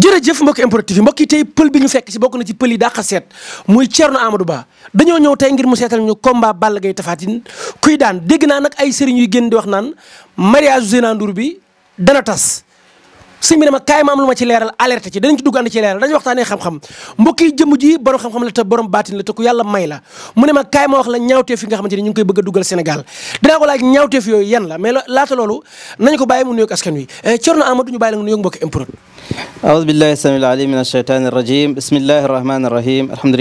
jërëjëf mbokki importif yi mbokki tey pël bi ñu fekk si bokk na ci pël yi dàqa seet muy Thierno Amadou Ba dañoo ñëw tey ngir mu seetal ñu combat Balla Gaye Tapha Tine kuy daan dégg naa nag ay sëriñ yuy génn di wax naan mariage Zeyna Ndour bi dana tas sëñ bi ne ma kaay ma am lu ma ci leeral alerte ci danañ ci dugg ànd ci leeral dañu waxtaanee xam-xam mbokk yi jëmm xam-xam la te baatin la ku yàlla may la ne ma kaay ma wax la ñaawteef yi nga xamante ni ñu ngi koy bëgg a dugal Sénégal dinaa ko laaj ñaawteef yooyu yan la mais laata loolu nañu ko bàyyi mu nuyoog askan wi eh, Thierno Amadou ñu bàyyi la nga nuyoog mbokki improt أعوذ بالله السميع العليم من الشيطان الرجيم بسم الله الرحمن الرحيم الحمد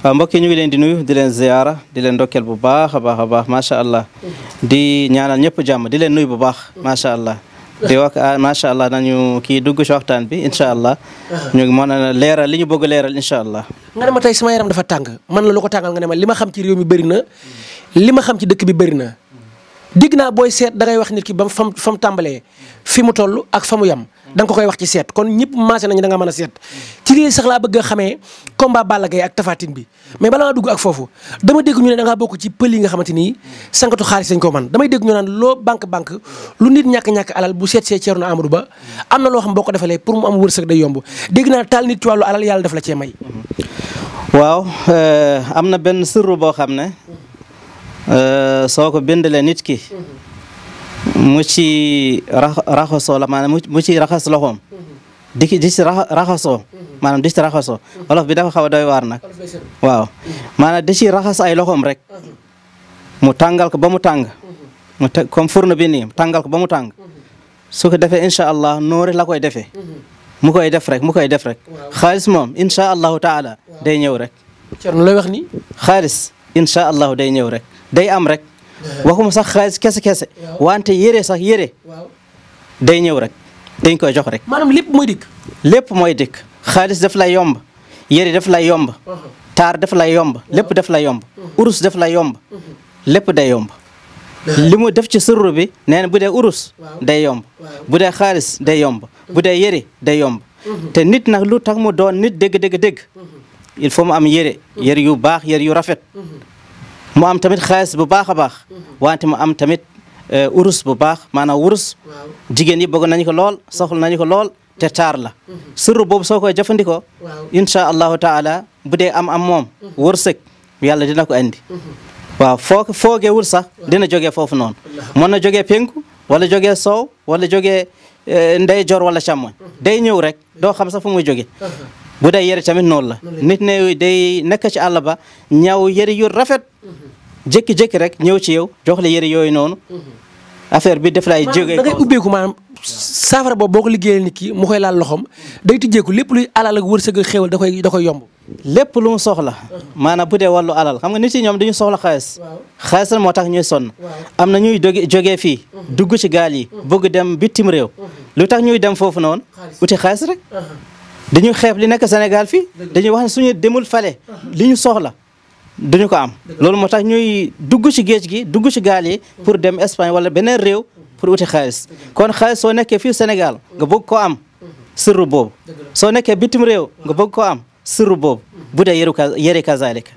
Ah, mbokk yi ñu ngi leen di nuyu di leen ziyaara di leen dokkeel bu baax a baax a baax macha allah di ñaanal ñëpp jàmm di leen nuyu bu baax macha allah di wax ah, macha allah nañu kii dugg ci waxtaan bi incha allah ñu ngi mën leeral li ñu bëgg leeral incha allah nga ne ma tey sama yaram dafa tàng man la lu ko tàngal nga ne ma lima ma xam ci réew mi bëri na li ma xam ci dëkk bi bëri na dégg naa booy seet dangay wax nit ki ba mu fam fa tàmbalee fi mu toll ak fa yam da nga ko koy wax ci seet kon ñëpp maase nañu da nga mën a seet ci lii sax laa bëgg a xamee combat Balla Gaye ak Tapha Tine bi mais balaa nga dugg ak foofu dama dégg ñu ne da ngaa bokk ci pël yi nga xamante ni sangatu xaalis sañ ko man damay dégg ñu naan loo banque-banque lu nit ñàkk-ñàkk alal bu seet see Thierno Amadou Ba am na loo xam boo ko defalee pour mu am wërsëg day yomb dégg naa taal nit ci wàllu alal yàlla daf la cee may waaw euh, am na benn sirru boo xam ne euh, soo ko bindalee nit ki mu ci raxasoo la maanaam mu ci raxas loxoom di ci di bi dafa xaw a doy waar nag waaw maanaam ci raxas ay loxoom rek mu tàngal ko ba mu tàng mu comme fourne bi nii tàngal ko ba mu tàng su ko defee incha allah noori la koy defee mu koy def rek mu koy def rek xaalis moom incha allahu taala day ñëw rek. Thierno lay wax ni. xaalis incha allahu day ñëw rek day am rek. waxuma sax xaalis kese kese wante yére sax yére day ñëw rek dañ koy jox rek. lépp mooy dikk. lépp mooy dikk xaalis daf lay yomb yére daf lay yomb. Uh-huh. taar daf lay yomb uh-huh. lépp def lay yomb. Uh-huh. urus daf lay yomb lépp day yomb. li mu def ci sirru bi nee na bu dee urus day yomb bu dee xaalis day yomb bu dee yére day yomb te nit nag lu tax mu doon nit dégg dégg il faut mu am yére yére yu baax yére yu rafet mu am tamit xaalis bu baax a baax wante mu am tamit euh, urus bu baax maanaam urus jigéen yi bëgg nañu ko lool soxla nañu ko lool te taar la surru boobu soo koy jëfandikoo incha allahu taala bu dee am am moom mm-hmm. wërsëg yàlla dina ko andi mm-hmm. waaw foo wul sax dina jógee foofu noonu mën na jógee penku wala joge soow wala joge euh, ndey jor wala càmmoñ mm-hmm. day ñëw rek doo xam sax fu muy jógee uh-huh. bu dee yëre tamit noonu la nit ne day nekk ci àll ba ñaw yëre yu rafet mhm. jékki-jékki rek ñëw ci yow jox la yëre yooyu noonu mhm. affaire bi def lay jógee da ngay ubbeeku maanaam saafara boobu boo ko liggéeyee nit ki mu koy laal loxoom day tijjeeku lépp luy alal ak wërsëg ak xéewal da koy yomb lépp lu mu soxla mhm. maanaam bu dee wàllu alal xam nga nit yi ñoom dañu soxla xaalis xaalis moo tax ñuy sonn am na ñuy doge jógee fii dugg ci gaal yi bëgg dem bitim réew lu tax ñuy dem foofu noonu dañuy xeeb li nekk Sénégal fii dañuy wax ne suñu demul fale li ñu soxla duñu ko am loolu moo tax ñuy dugg ci géej gi dugg ci gaal yi pour dem Espagne wala beneen réew pour uti xaalis kon xaalis soo nekkee fii senegal nga bokk koo am sirru boob soo nekkee bitim réew nga bëgg koo am sirru boobu bu dee yëru ka yëre kazaalika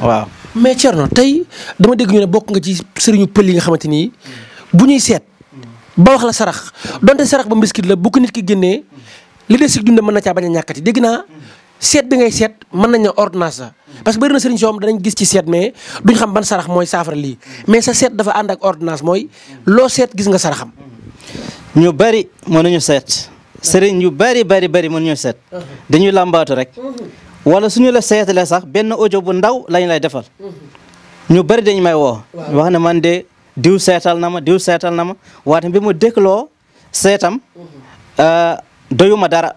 waaw mais Thierno tey dama dégg ñu ne bokk nga ci sëriñu pël yi nga xamante nii bu ñuy seet ba wax la sarax donte sarax ba mbiskit la bu ko nit ki génnee li des si dund mën na caa bañ a ñàkkati dégg naa seet bi ngay seet mën nañ ne ordonnance la parce que bëri na sëriñ soo am danañ gis ci seet mais duñ xam ban sarax mooy saafara lii mais sa seet dafa ànd ak ordonnance mooy loo seet gis nga saraxam. ñu bëri mënuñu seet sëriñ yu bëri bëri bëri mënuñu seet dañuy làmbaatu rek wala suñu la seetalee sax benn ojo bu ndaw lañ lay defal ñu bëri dañ may woo. wax ne man de diw seetal na ma diw seetal na ma waaye bi mu dégloo seetam. Mhm. Euh, doyuma dara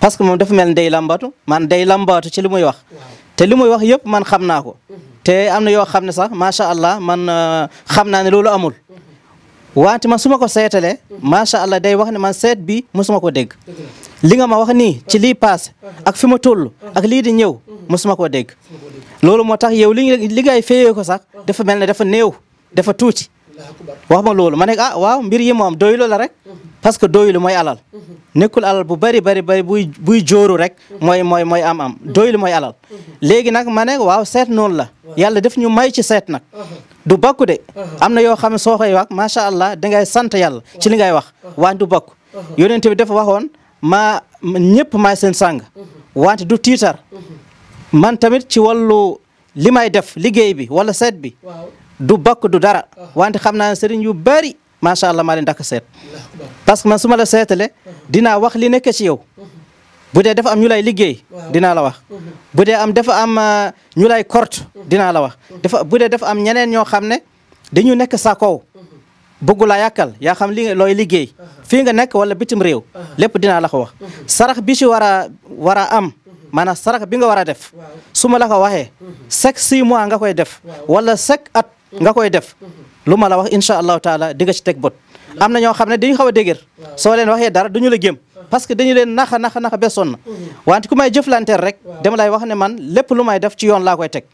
parce que moom dafa mel ni day lambatu man day lambatu ci li muy wax te li muy wax yëpp man xam naa ko te am na yoo xam ne sax macha allah man euh, xam naa ne loolu amul waante man suma ma ko seetalee macha allah day wax ne man seet bi mosuma ko dégg li nga ma wax nii ci li paase ak fi ma toll ak lii di ñëw mosuma ko dégg loolu moo tax yow li li ko sax dafa mel ne dafa néew dafa tuuti wax ma loolu ma ne ah waaw mbir yi moom doylu rek parce que doylu mooy alal nekkul alal bu bari bari buy buy jóoru rek mooy mooy mooy am am doylu mooy alal léegi nag ma ne waaw seet noonu la yàlla def ñu may ci seet nag uh-huh. du bakku de uh-huh. am na yoo xam ne soo koy wax macha allah dangay sant yàlla ci li ngay wax uh-huh. waaye du bakku yonent bi dafa waxoon maa ñëpp maay seen sàng wante du tiitar man tamit ci wàllu li may def liggéey bi wala seet bi du bakku du dara wante xam naa sëriñ yu bari macha allah ma leen dakk seet parce que man su ma la seetalee dinaa wax li nekk ci yow bu dee dafa am ñu lay liggéey dinaa la wax bu dee am dafa am ah, ñu lay korte dinaa la wax dafa bu dee dafa am ñeneen ñoo xam ne dañu nekk sa kaw bëggu laa yàkkal yaa xam li looy liggéey fii nga nekk wala bitim réew lépp dinaa la ko wax sarax bi ci war a war a am maanaam sarax bi nga war a def su ma la ko waxee chaque six mois nga koy def wala chaque at nga koy def lu ma la wax incha allahu taala di nga ci teg bot am na ñoo xam ne dañu xaw a dëgër soo leen waxee dara dañu la gëm parce que dañu leen naxa naxa naxa besoon na wante ku may jëflanteel rek dem lay wax ne man lépp lu may def ci yoon laa koy teg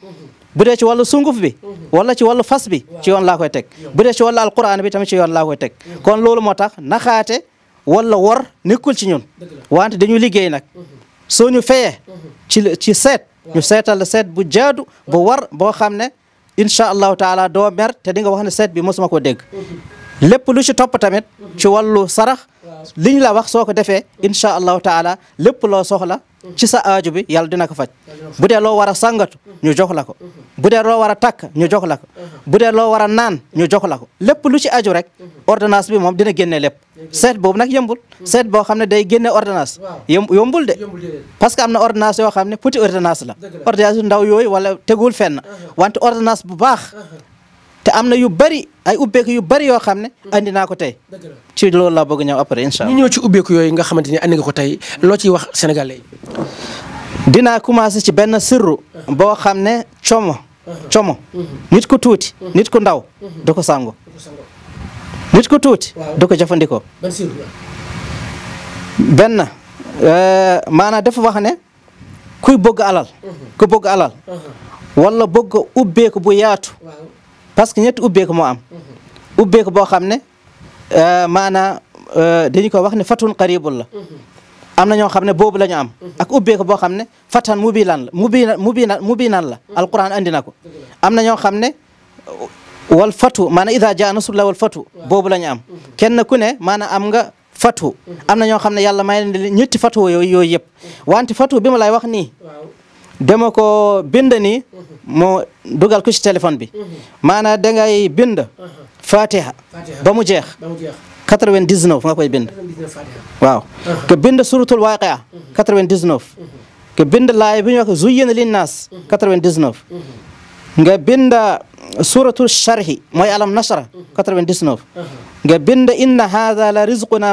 bu dee ci wàllu sunguf bi wala ci wàllu fas bi ci yoon laa koy teg bu dee ci wàllu alquran bi tamit ci yoon laa koy teg kon loolu moo tax naxaate wala war nekkul ci ñun wante dañu liggéey nag soo ñu fayee ci ci seet ñu seetal seet bu jaadu bu war boo xam ne incha allahu taala doo mer te di nga wax ne seet bi ma ko dégg lépp lu ci topp tamit ci wàllu sarax liñ la wax soo ko defee incha allahu taala lépp loo soxla ci sa aaju bi yàlla dina ko faj bu dee loo war a sàngatu ñu jox la ko bu dee loo war a takk ñu jox la ko bu dee loo war a naan ñu jox la ko lépp lu ci aju rek ordinance bi moom dina génne lépp seet boobu nag yëmbul seet boo xam ne day génne ordonnance yombul de parce que am na ordonnance yoo xam ne petit ordonnance la ordonnance ndaw yooyu wala tegul fenn wante ordonnance bu baax te am na yu bari ay ubbeeku yu bari yoo xam ne andi naa ko tey ci loolu laa bëgg ñëw après incha allah ñu ñëw ci ubbeeku yooyu nga xamante ni andi nga ko tey loo ciy wax sénégalais yi dinaa commencé ci benn sirru boo xam ne como nit ku tuuti nit ku ndaw du ko sango nit ku tuuti du jafandikoo jëfandikoo benn euh, maanaam wax ne kuy bëgg alal ku bëgg alal uh-huh. wala bëgg ubbeeku bu yaatu parce que ñetti ubbeeku moo am mhm. ubbeeku boo xam ne euh, maanaam euh, dañu ko wax ne fatun qaribul la mhm. am na ñoo xam ne boobu la am mhm. ak ubbeeku boo xam ne fatan mu bi lan la mu bi mu bi mu bi nan la alquran andi na ko am na ñoo xam ne wal fatu maanaam ida jaa nasrullah wal fatu boobu la am kenn ku ne maanaam am nga fatu am na ñoo xam ne yàlla may leen ñetti fatu yooyu yooyu yëpp fatu bi ma wax nii dama ko bind ni mu dugal ko ci téléphone bi maanaam dangay bind fatiha ba mu jeex 99 nga koy bind uh-huh. suratul waaqia 99 uh-huh. uh-huh. nga bind laay bi ñuy wax zuyyina linnaas 99 nga bind suratul sharhi mooy alam nashra 99 nga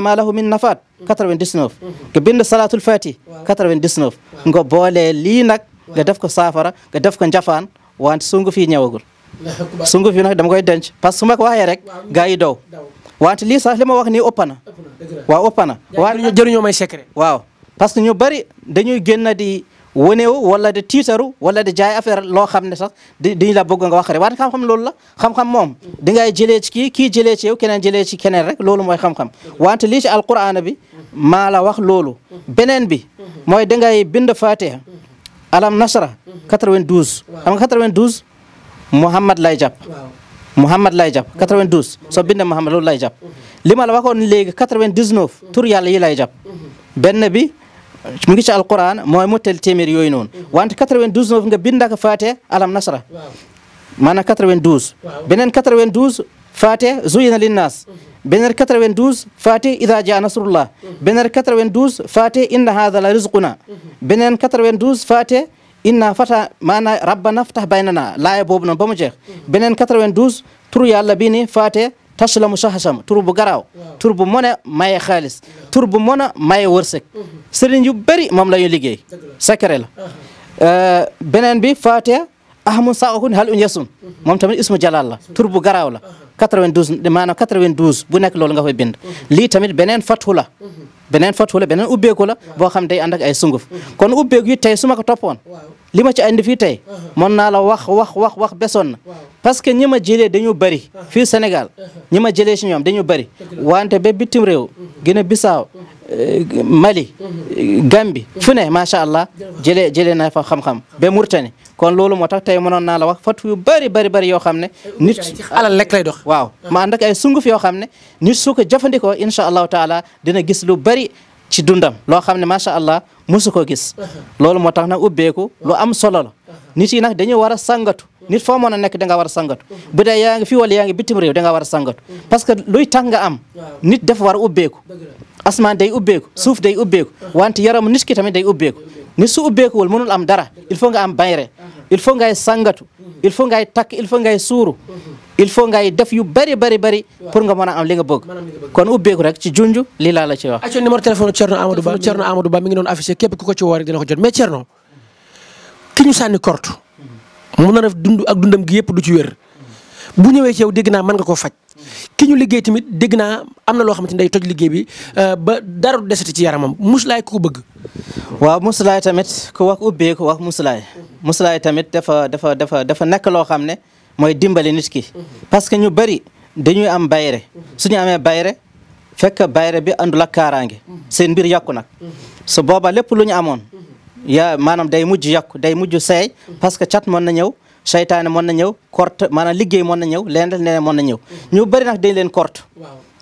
ma lahu min nafaat 99 nga bind salatul fati 99 nga boole lii nga def ko saafara nga def ko njafaan wante sunguf yi ñëwagul sunguf yi dama koy denc parce que su ma ko waxee rek gaa yi daw wante lii sax li ma wax nii ëpp na waaw ëpp na waaw jëriñoo may secret waaw parce que ñu bari dañuy génn di waneewu wala di tiitaru wala di jaay affaire loo xam ne sax di diñu la bëgg nga wax rek wante xam-xam loolu la xam-xam moom di ngay ki ki kii kii jëlee ci yow keneen jëlee ci keneen rek loolu mooy xam-xam wante lii ci alquran bi maa la wax loolu beneen bi mooy da ngay bind fatiha alam nasra 92 mhm. xam nga 92 Mouhamad lay jàpp Mouhamad lay jàpp 92 mhm. soo bindee Mouhamad loolu lay jàpp mhm. li ma la waxoon léegi 99 tur yàlla yi lay jàpp benn bi mu ngi ci alquran mooy mu tel téeméer yooyu noonu wante 92 nga bind ak faate alam nasra maanaam 92. beneen 92 faate zuyina linnaas. beneen 92 faate idaa jaa nasrullah. beneen 92 faate inna haada la rizquna. beneen 92 faate inna fata maanaam rabbana ftah baynana laaya boobu noonu ba mu jeex. Hmm. beneen 92 tur yàlla bii nii faate taslamu sahasam tur bu garaaw. tur bu mën a maye xaalis. tur bu mën a maye wërsëg. Hmm. sëriñ yu bëri moom la ñu liggéey. secret ah. euh, beneen bi faate. ahmun saakun hal un yasum moom tamit ismu jalal la tur bu garaaw la 92 maanaam 92 bu nekk loolu nga koy bind lii tamit beneen fathu la beneen fathu la beneen ubbeeku la boo xam day ànd ak ay sunguf kon ubbeeku yi tey su ma ko toppoon li ma ci andi fii tey mën naa la wax wax wax wax besoon na parce que ñi ma jëlee dañu bëri fii senegal ñi ma jëlee si ñoom dañu bëri wante be bitim réew Guinée Bissau Mali Gambie fu ne macha allah jëlee jëlee naa fa xam-xam ba Murtani kon loolu moo tax tey mënoon na la wax fatu yu bëri bëri bëri yoo xam ne nit alal lekk lay dox waaw ah. ma ànd ak yoo xam ne nit su ko jëfandikoo incha allahu taala dina gis lu bëri ci dundam loo xam ne macha allah musu ko gis ah. loolu moo tax na ubbeeku lu am solo la ah. nit yi nag dañu war sangatu nit foo mën a nekk danga nga war a sangatu bu dee yaa ngi fii wala yaa ngi bitim réew da nga war a sangatu parce que luy tax nga am nit dafa war a ubbeeku asmaan day ubbeeku suuf day ubbeeku wante yaram nit ki tamit day ubbeku nit su ubbeekuwul mënul am dara il faut nga am bayre il faut ngay sangatu il faut ngay takk il faut ngay suuru il faut ngay def yu bari bari bari pour nga mën a am li nga bëgg kon ubbeeku rek ci junj lii laa la ci wax acon numéro téléphone Thierno Amadou Ba Thierno ngi noonu affiché képp ku ko ci woo rek dina ko ki ñu sànni korte mun na def dund ak dundam gi yëpp du ci wér bu ñëwee ci yow dégg naa mën nga koo faj ki ñu liggéey tamit dégg naa am na loo xamante ni day toj liggéey bi euh, ba dara du desati ci yaramam musulaay ku ko bëgg. waaw musulaay tamit ku wax wax musulaay. musulaay tamit dafa dafa dafa dafa nekk loo xam ne mooy dimbali nit ki. parce que ñu bëri dañuy am bayre suñu amee bayre fekk bayre bi àndul ak seen mbir yàqu nag su booba lépp lu ñu amoon yaa maanaam day mujj yàqu day mujj seey parce que cat mën na ñëw. seytaane mën na ñëw korte maanaam liggéey mën na ñëw leneen leneen mën na ñëw ñu bëri nag dañ leen korte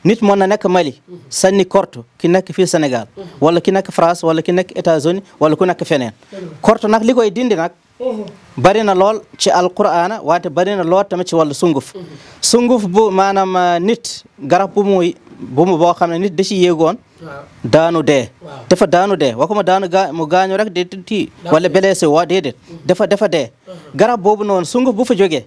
nit mën na nekk Mali mhm. sànni korte ki nekk fii Sénégal mhm. wala ki nekk France wala ki nekk États-Unis wala ku nekk feneen korte nag li koy dindi nag mhm. bari na lool ci alquraana wante bari na lool tamit ci sunguf sunguf bu maanaam uh, nit garab bu muy buumu boo xam ne nit da ci yéegoon daanu dee dafa daanu dee waxuma daanu gaa mu gaañu rek di ti wala blessé waa déedéet mm-hmm. dafa dafa dee mm-hmm. garab boobu noon sunguf bu fa jógee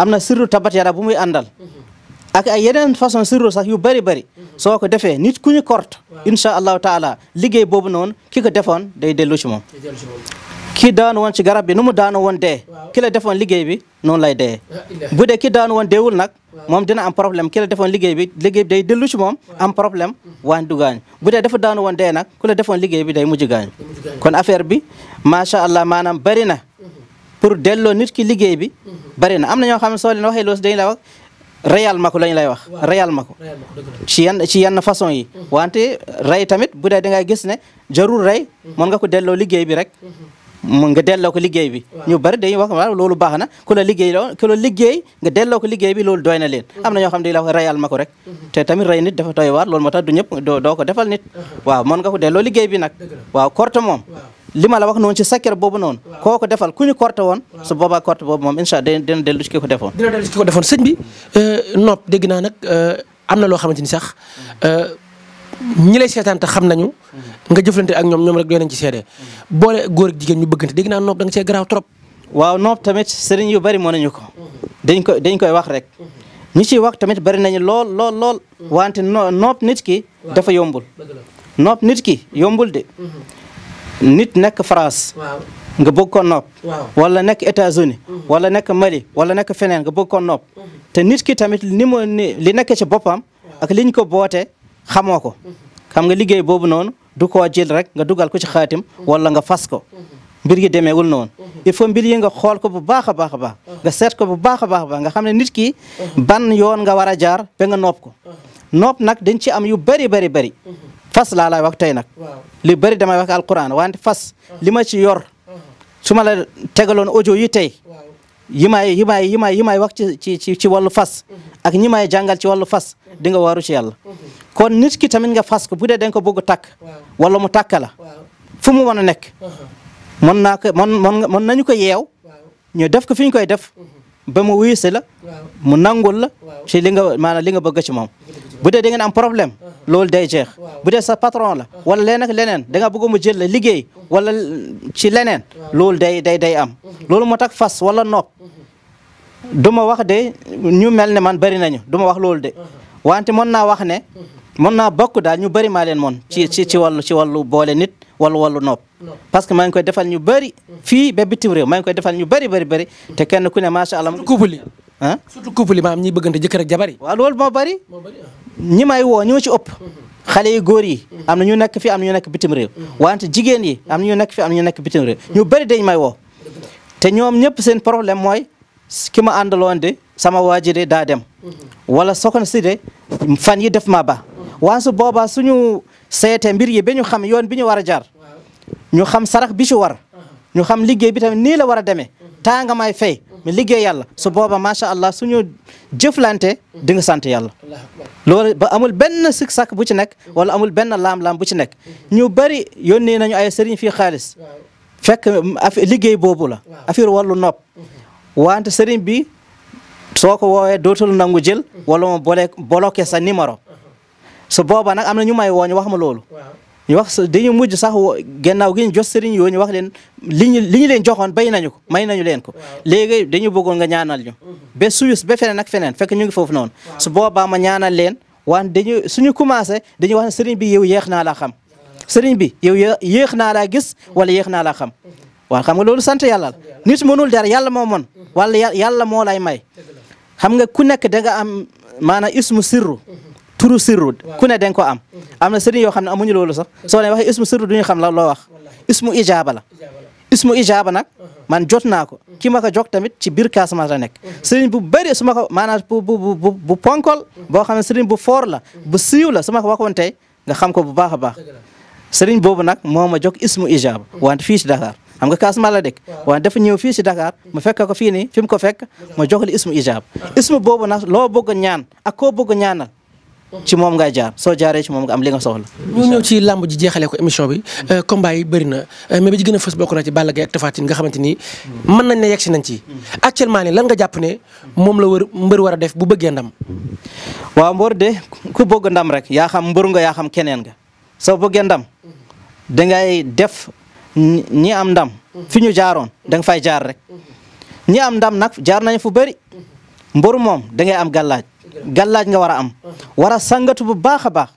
am na sirru tabat yara bu muy àndal mm-hmm. ak ay yeneen façon sirru sax yu bari bari soo ko defee nit ku ñu kort insha allahu taala liggéey boobu noonu ki ko defoon day dellu ci moom daanu woon ci garab bi nu mu daanu woon dee kila la defoon liggéey bi noonu lay dee bu dee ki daanu won deewul nag moom dina am problème ki la defoon liggéey bi liggéey bi day moom am problème waañ du gaañ bu dee dafa daanu woon dee nag ku liggéey bi day mujj gaañ kon affaire bi macha allah maanaam bari na mhm. pour delloo nit ki liggéey bi mhm. bari na am na ñoo xam ne soo leen waxee loolu dañu la wax reyal ma ko lañ lay wax reyal ma ko ci yenn ci yenn façon yi mhm. wante rey tamit bu dee da ngay gis ne jarul rey mën nga ko delloo liggéey bi rek mu nga delloo ko liggéey bi ñu bari dañuy wax loolu baax na ku la liggéey la liggéey nga delloo ko liggéey bi loolu doy na leen am na ñoo xam ne la rayal ma ko rek te tamit rey nit dafa doy waar loolu moo tax du ñëpp doo ko defal nit waaw mën nga ko delloo liggéey bi nag waaw korte moom li la wax noonu defal ku ñu woon su boobaa korte boobu moom incha allah dina ko defoon dina dellu ci ki ko defoon euh, euh, am na loo xamante sax ñi lay seetaan te xam nañu nga jëflante ak ñoom ñoom rek doo nañ ci seede boole góor ak jigéen ñu bëggante dégg naa noob da nga see garaaw trop waaw noob tamit sëriñ yu bari moo nañu ko dañ ko dañ koy wax rek ñi ciy wax tamit bari nañu lool lool lool wante noob nit ki dafa yombul noob nit ki yombul de nit nekk France nga bëgg ko nopp wala nekk États-Unis wala nekk Mali wala nekk feneen nga bëgg ko nopp te nit ki tamit ni mu li nekk ci boppam ak liñ ko boote xamoo ko xam nga liggéey boobu noonu du koo jël rek nga dugal ko ci xaatim wala nga fas ko mbir yi demeewul noonu il nga xool bu baax a baax a baax nga seet ko bu baax a baax a baax nga xam ne nit ki ban yoon nga war a jaar ba nga nopp ko nopp nag dañ ci am yu bëri bëri bëri fas laa lay wax tey nag li bëri damay wax alquran wante fas li ma ci yor su ma la tegaloon audio yi tey yi may yi may yi may yi may wax ci ci ci fas mhm. ak ñi may jàngal ci wàllu fas di nga waaru ci yàlla kon nit ki tamit nga fas ko bu dee da nga ko bëgg takk wala mu takka la fu mu mën a nekk mën naa ko mën mën nañu ko yeew ñu def ko fi ñu koy def ba mu wuyu si la mu nangul la ci li nga maanaam li nga bëgg ci moom bu dee da am problème loolu day jeex bu dee sa patron la wala leen ak leneen da nga bëgg mu jël la liggéey wala ci leneen loolu day day day am loolu moo tax fas wala nopp du ma wax de ñu mel ne man bëri nañu du wax loolu de wante mën naa wax ne mën naa bokk daal ñu bari maa leen moon ci ci ci wàllu ci wàllu boole nit wala wàllu nop parce que maa ngi koy defal ñu bëri fii ba bitim réew ngi koy defal ñu bëri bëri bëri te kenn ku ne macha allah couple yi ah surtout couple yi maanaam ñi bëggante jëkkër ak jabar yi waaw loolu moo bëri ah. ñi may woo ñoo ci ëpp mhm. xale yu góor yi mhm. am na ñu fii am na ñu nekk bitim mhm. wante jigéen yi am na ñu nekk fii am ñu nekk bitim réew ñu bëri dañ may wo te ñoom ñëpp seen problème mooy ki ma àndaloon de sama waa ji de daa dem wala soxna si de fan yi def ma ba waa su boobaa suñu seete mbir yi ba ñu xam yoon bi ñu war a jaar ñu xam sarax bi ci war ñu xam liggéey bi tamit nii la war a demee taa nga may fay mi liggéey yàlla su booba macha allah suñu jëflante di nga sant yàlla ba amul benn sik sak bu ci nekk wala amul benn laam-laam bu ci nekk ñu bari yónnee nañu ay sëriñ fi xaalis fekk liggéey boobu la affaire wàllu nopp wante sëriñ bi soo ko woowee dootul nangu jël wala mu bole bloqué sa numéro su boobaa nag am na ñu may woo ñu wax ma loolu ñu wax dañu mujj sax gannaaw gi ñu jot sëriñ yoo ñu wax leen li ñu leen joxoon bay nañu ko may nañu leen ko léegi dañu bëggoon ga ñaanal ñu mhm. be Suisse be feneen nag feneen fekk ñu ngi foofu noonu su boobaa ma ñaanal leen wante dañu suñu commencé dañuy wax ne sëriñ bi yow yéex naa laa xam sëriñ bi yow yéex naa laa gis wala yéex naa laa xam mhm. waaw xam nga loolu sant yàlla nit mënul der yàlla moo mën wala yàlla moo lay may xam nga ku nekk da nga am maanaam ismu sirru turu sirru ku ne da ko am am na sëriñ yoo xam ne amuñu loolu sax soo leen waxee ismu sirru duñu xam la loo wax ismu ijaaba la ismu ijaaba nag man jot naa ko ki ma ko jog tamit ci biir Casamance la nekk sëriñ bu bëri su ma ko maanaam bu bu bu bu ponkol boo xam ne sëriñ bu foor la bu siiw la su ma ko wakoon tey nga xam ko bu baax a baax sëriñ boobu nag moo ma jog ismu ijaaba wante fii ci xam nga kaas la dëkk waaye dafa ñëw fii si Dakar mu fekk ko fii nii fi ko fekk ma jox la ismu ijaab ismu boobu nag loo bëgg ñaan ak koo bëgg ñaanal ci moom ngay jaar soo jaaree ci moom nga am li nga soxla. ñu ñëw ci làmb ji jeexalee ko émission bi mm. euh, combat yi bëri na euh, mais bi ci gën a fës bokk na ci Balla Gaye ak Tapha Tine nga xamante ni mm. mm. lan nga jàpp ne moom la war mbër war a def bu bëggee ndam waaw mbër de ku bëgg ndam rek yaa xam mbër nga yaa xam keneen nga soo bëggee ndam dangay def ñi am ndam fi ñu jaaroon da nga fay jaar rek ñi am ndam nag jaar nañ fu bëri mbër moom da ngay am gàllaaj gàllaaj nga war a am war a sangatu bu baax a baax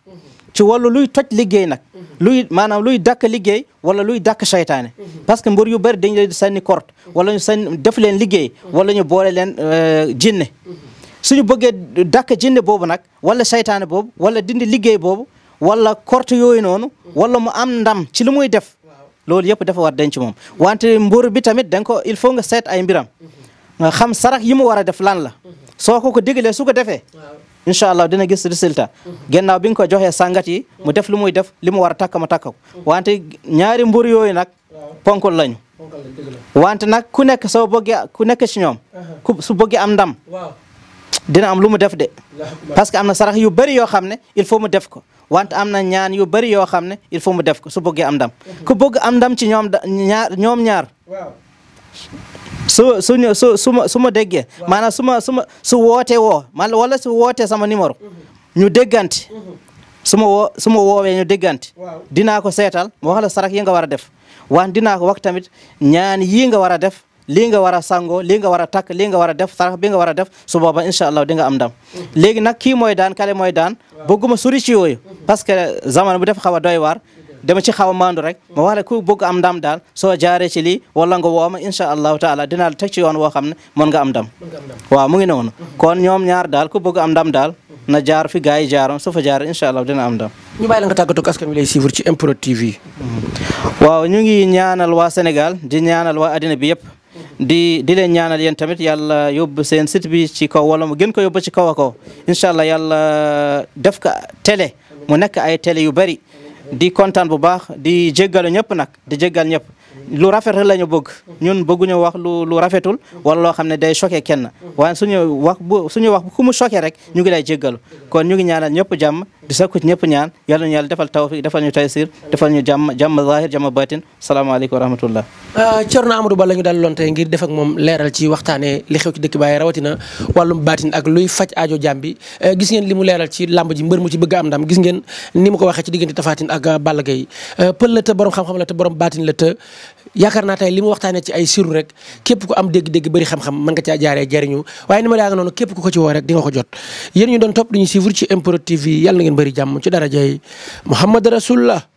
ci wàllu luy toj liggéey nag luy maanaam luy dakk liggéey wala luy dakk saytaane parce que mbër yu bëri dañ leen sànni kort wala ñu def leen liggéey wala ñu boole leen euh, jinne suñu bëggee dakk jinne boobu nag wala saytaane boobu wala dindi liggéey boobu wala kort yooyu noonu wala mu am ndam ci li muy def loolu yëpp dafa war denc moom wante mburu bi da nga ko il faut nga seet ay mbiram nga xam sarax yi a def lan la soo ko ko digalee su ko defee incha allah dina gis résultat gannaaw bi nga ko joxee sangat yi mu def lu def li mu war a takk ma takk ko wante ñaari mburu yooyu nag ponkol lañu wante nag ku nekk soo bëggee ku nekk ci ñoom ku su bëggee am ndam dina am lu mu def de parce que am na sarax yu bëri yoo xam ne il faut mu def ko wante am na ñaan yu bëri yoo xam ne il faut mu def ko su bëggee am ndam ku bëgg am ndam ci ñoom ñaar ñoom ñaar su suñu su suma su ma déggee maanaam su ma su ma su wootee woo man wala su wootee sama numéro ñu déggante su ma woo su ma woowee ñu déggante dinaa ko seetal ma wax la yi nga war a def wante dinaa ko wax tamit ñaan yii nga war a def lii nga war a sangoo lii nga war a takk lii nga war a def sarax bi nga war a def su booba incha allah di nga am ndam léegi nag kii daan kale mooy daan bëgguma sori ci yooyu parce que zaman bu def xaw a doy waar dama ci xaw a maandu rek ma wax la ku bëgg am ndam daal soo jaare ci lii wala nga wooma incha allahu taala dinaa la teg ci yoon woo xam ne mën nga am ndam waaw mu ngi noonu kon ñoom ñaar daal ku bëgg am ndam daal na jaar fi gars yi jaaroon su fa jaar incha dina am ndam ñu waaw ñu ngi ñaanal waa Sénégal di ñaanal waa addina bi yëpp di di leen ñaanal yéen tamit yàlla yóbbu seen site ci kaw wala mu gën ko yóbbu ci kaw a kaw incha allah yàlla def ko télé mu nekk ay tele yu bari di kontaan bu baax di jéggalu ñëpp nag di jéggal ñëpp lu rafet rek la ñu bëgg ñun bëgguñu wax lu lu rafetul wala loo xam ne day choqué kenn waaye suñu wax bu suñu wax ku mu choqué rek ñu ngi lay jéggalu kon ñu ngi ñaanal ñëpp jàmm di sakku ñëpp ñaan yàlla ñu yàlla defal tawfiq defal ñu taysir defal ñu jàmm jàmm zahir jàmm batin salaamaaleykum wa rahmatullah euh, Thierno Amadou Ba la ñu daal lonte ngir def ak moom leeral ci waxtaanee li xew ci dëkk bàyyi rawatina wàllum baatin ak luy faj aajo jàmbi euh, gis ngeen li mu leeral ci làmb ji mbër mu ci bëgg am ndam gis ngeen ni mu ko waxee ci diggante Tapha Tine ak Balla Gaye euh, pël la te borom xam-xam la te yaakaar naa tey li mu waxtaanee ci ay siru rek képp ku am dégg-dégg bëri xam-xam mën nga caa jaaree jariñu waaye ni ma daa nga noonu képp ku ko ci woo rek di ko jot yéen ñu doon topp di ñu suivre ci MPROD TV yàlla na ngeen bëri jàmm ci darajay Muhammad Rasulullah